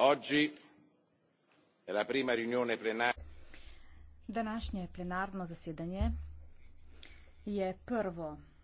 oggi è la prima riunione plenaria. Današnje plenarno zasedanje je prvo